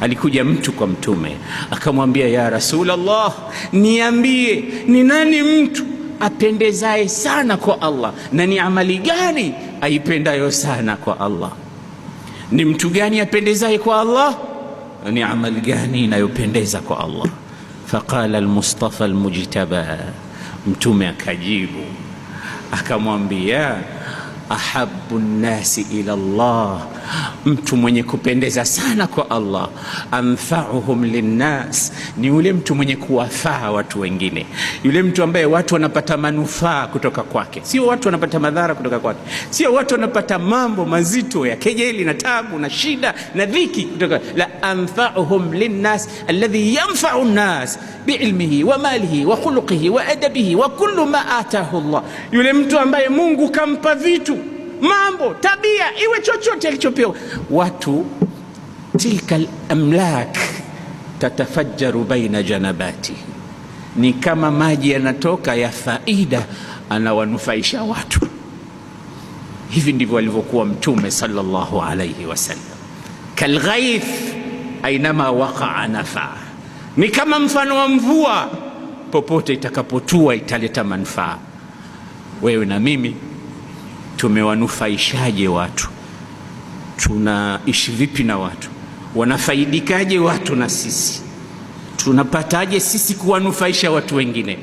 alikuja mtu kwa Mtume akamwambia, ya Rasulullah, niambie ni nani mtu apendezaye sana kwa Allah na ni amali gani aipendayo sana kwa Allah? Ni mtu gani apendezaye kwa Allah na ni amali gani inayopendeza kwa Allah? Faqala almustafa almujtaba, Mtume akajibu akamwambia ahabu nnasi ila llah mtu mwenye kupendeza sana kwa Allah anfa'uhum linnas, ni yule mtu mwenye kuwafaa watu wengine, yule mtu ambaye watu wanapata manufaa kutoka kwake, sio watu wanapata madhara kutoka kwake, sio watu wanapata mambo mazito ya kejeli na tabu na shida na dhiki kutoka. La anfa'uhum linnas alladhi yanfa'u nnas biilmihi wa malihi wa khuluqihi wa adabihi wa kullu ma atahu Allah, yule mtu ambaye Mungu kampa vitu mambo tabia, iwe chochote alichopewa watu tilka lamlak tatafajaru baina janabati, ni kama maji yanatoka ya faida, anawanufaisha watu. Hivi ndivyo alivyokuwa Mtume sallallahu alayhi wasallam. Kalghaith ainama waqaa nafaa, ni kama mfano wa mvua, popote itakapotua italeta manufaa. Wewe na mimi tumewanufaishaje watu? Tunaishi vipi na watu? wanafaidikaje watu na sisi, tunapataje sisi kuwanufaisha watu wengine.